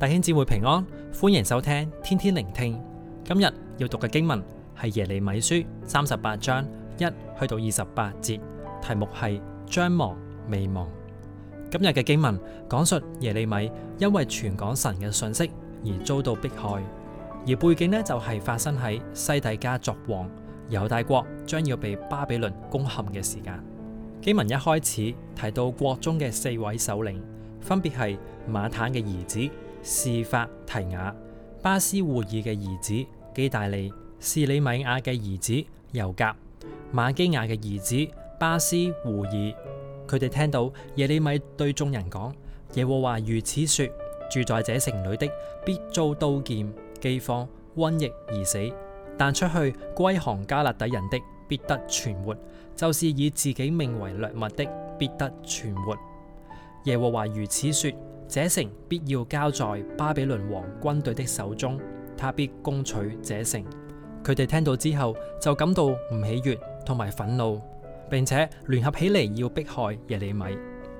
弟兄姊妹平安，歡迎收聽天天靈聽。今日要讀嘅經文係耶利米書三十八章一去到二十八節，題目係將亡未亡。今日嘅經文講述耶利米因為傳講神嘅信息而遭到迫害，而背景呢就係發生喺西底家作王，猶大國將要被巴比倫攻陷嘅時間。經文一開始提到國中嘅四位首領，分別係馬坦嘅兒子，士法提雅、巴施戶珥嘅兒子基大利、示利米雅嘅兒子猶甲、瑪基雅嘅兒子巴施戶珥，佢哋聽到耶利米對眾人講：耶和華如此說，住在這城裏的必遭刀劍、饑荒、瘟疫而死；但出去歸降迦勒底人的必得存活，就是以自己命為掠物的必得存活。耶和華如此說。這城必要交在巴比倫王軍隊的手中，他必攻取這城。佢哋聽到之後就感到唔喜悅同埋憤怒，並且聯合起嚟要迫害耶利米。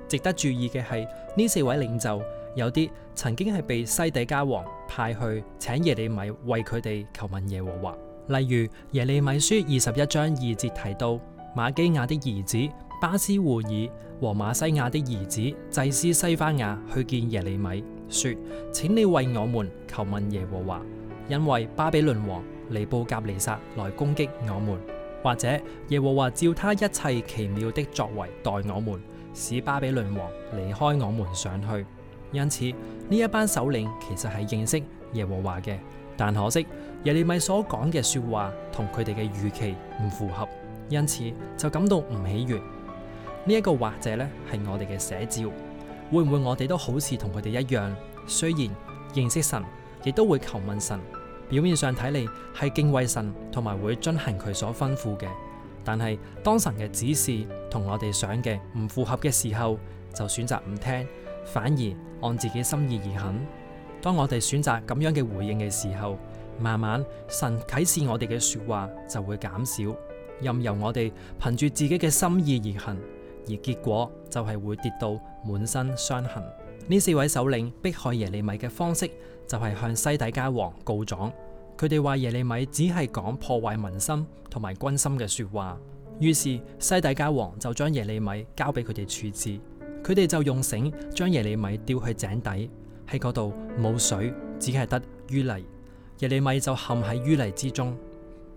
值得注意嘅係，呢四位領袖有啲曾經係被西底家王派去請耶利米為佢哋求問耶和華。例如耶利米書二十一章二節提到，瑪基雅的兒子。巴施戶珥和馬西亞的兒子祭司西番雅去見耶利米，說：請你為我們求問耶和華，因為巴比倫王尼布甲尼撒來攻擊我們，或者耶和華照他一切奇妙的作為待我們，使巴比倫王離開我們上去。因此呢一班首領其實係認識耶和華嘅，但可惜耶利米所講嘅說話同佢哋嘅預期唔符合，因此就感到唔喜悦。呢一個或者咧，係我哋嘅寫照，會唔會我哋都好似同佢哋一樣？雖然認識神，亦都會求問神。表面上睇嚟係敬畏神，同埋會遵行佢所吩咐嘅，但係當神嘅指示同我哋想嘅唔符合嘅時候，就選擇唔聽，反而按自己心意而行。當我哋選擇咁樣嘅回應嘅時候，慢慢神啟示我哋嘅說話就會減少，任由我哋憑住自己嘅心意而行。而結果就係會跌到滿身傷痕。呢四位首領迫害耶利米嘅方式就係向西底家王告狀，佢哋話耶利米只係講破壞民心同埋軍心嘅說話。於是西底家王就將耶利米交俾佢哋處置，佢哋就用繩將耶利米吊去井底，喺嗰度冇水，只係得淤泥，耶利米就陷喺淤泥之中。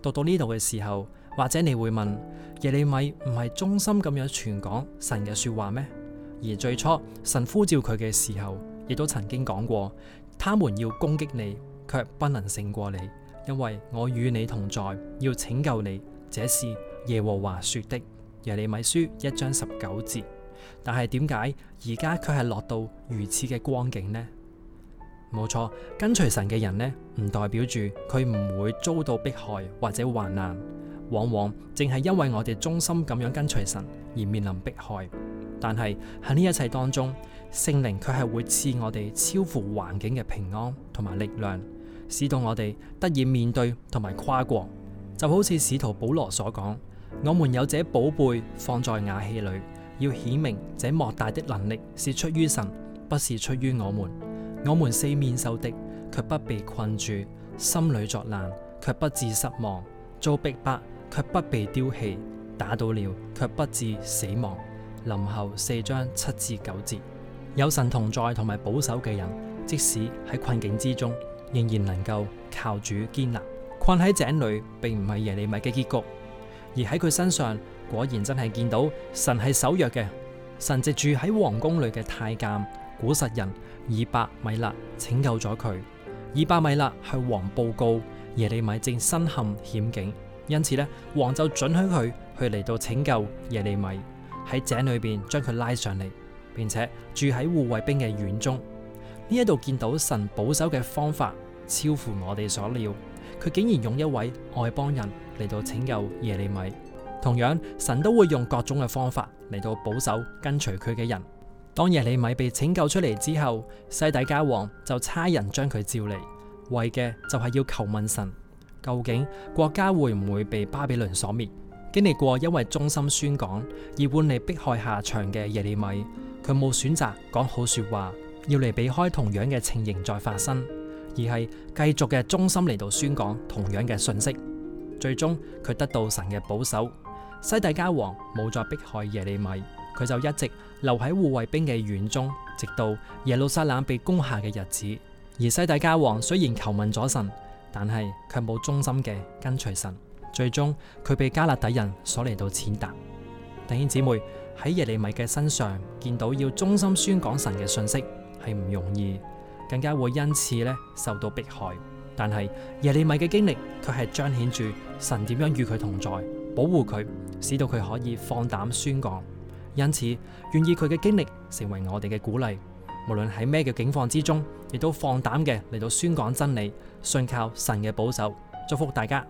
讀到呢度嘅時候，或者你會問，耶利米唔係忠心咁樣傳講神嘅說話咩？而最初神呼召佢嘅時候，亦都曾經講過，他們要攻擊你，卻不能勝過你，因為我與你同在，要拯救你。這是耶和華說的。耶利米書一章十九節。但係點解而家佢係落到如此嘅光景呢？冇錯，跟隨神嘅人呢，唔代表住佢唔會遭到迫害或者患難。往往正係因為我哋忠心咁樣跟隨神而面臨迫害，但係喺呢一切當中，聖靈佢係會賜我哋超乎環境嘅平安同埋力量，使到我哋得以面對同埋跨過。就好似使徒保羅所講：我們有這寶貝放在瓦器裏，要顯明這莫大的能力是出於神，不是出於我們。我們四面受敵，卻不被困住；心裏作難，卻不至失望；遭逼迫，卻不被丟棄，打倒了卻不致死亡。林後四章七至九節。有神同在同埋保守嘅人，即使喺困境之中，仍然能夠靠主堅立。困喺井裏並唔係耶利米嘅結局，而喺佢身上果然真係見到神係守約嘅。神藉住喺皇宮裏嘅太監古實人以伯米勒拯救咗佢。以伯米勒向王報告耶利米正身陷險境。因此咧，王就准許佢去嚟到拯救耶利米喺井裏邊將佢拉上嚟，並且住喺護衛兵嘅院中。呢一度見到神保守嘅方法超乎我哋所料，佢竟然用一位外邦人嚟到拯救耶利米。同樣，神都會用各種嘅方法嚟到保守跟隨佢嘅人。當耶利米被拯救出嚟之後，西底家王就差人將佢召嚟，為嘅就係要求問神。究竟國家會唔會被巴比倫所滅？經歷過因為忠心宣講而換嚟迫害下場嘅耶利米，佢冇選擇講好說話，要嚟避開同樣嘅情形再發生，而係繼續嘅忠心嚟到宣講同樣嘅信息。最終佢得到神嘅保守，西底家王冇再迫害耶利米，佢就一直留喺護衛兵嘅院中，直到耶路撒冷被攻下嘅日子。而西底家王雖然求問咗神。但係卻冇忠心嘅跟隨神，最終佢被迦勒底人所嚟到踐踏。弟兄姊妹喺耶利米嘅身上見到要忠心宣講神嘅信息係唔容易，更加會因此咧受到迫害。但係耶利米嘅經歷卻係彰顯住神點樣與佢同在，保護佢，使到佢可以放膽宣講。因此，願意佢嘅經歷成為我哋嘅鼓勵。無論喺咩嘅境況之中，亦都放膽嘅嚟到宣講真理，信靠神嘅保守，祝福大家。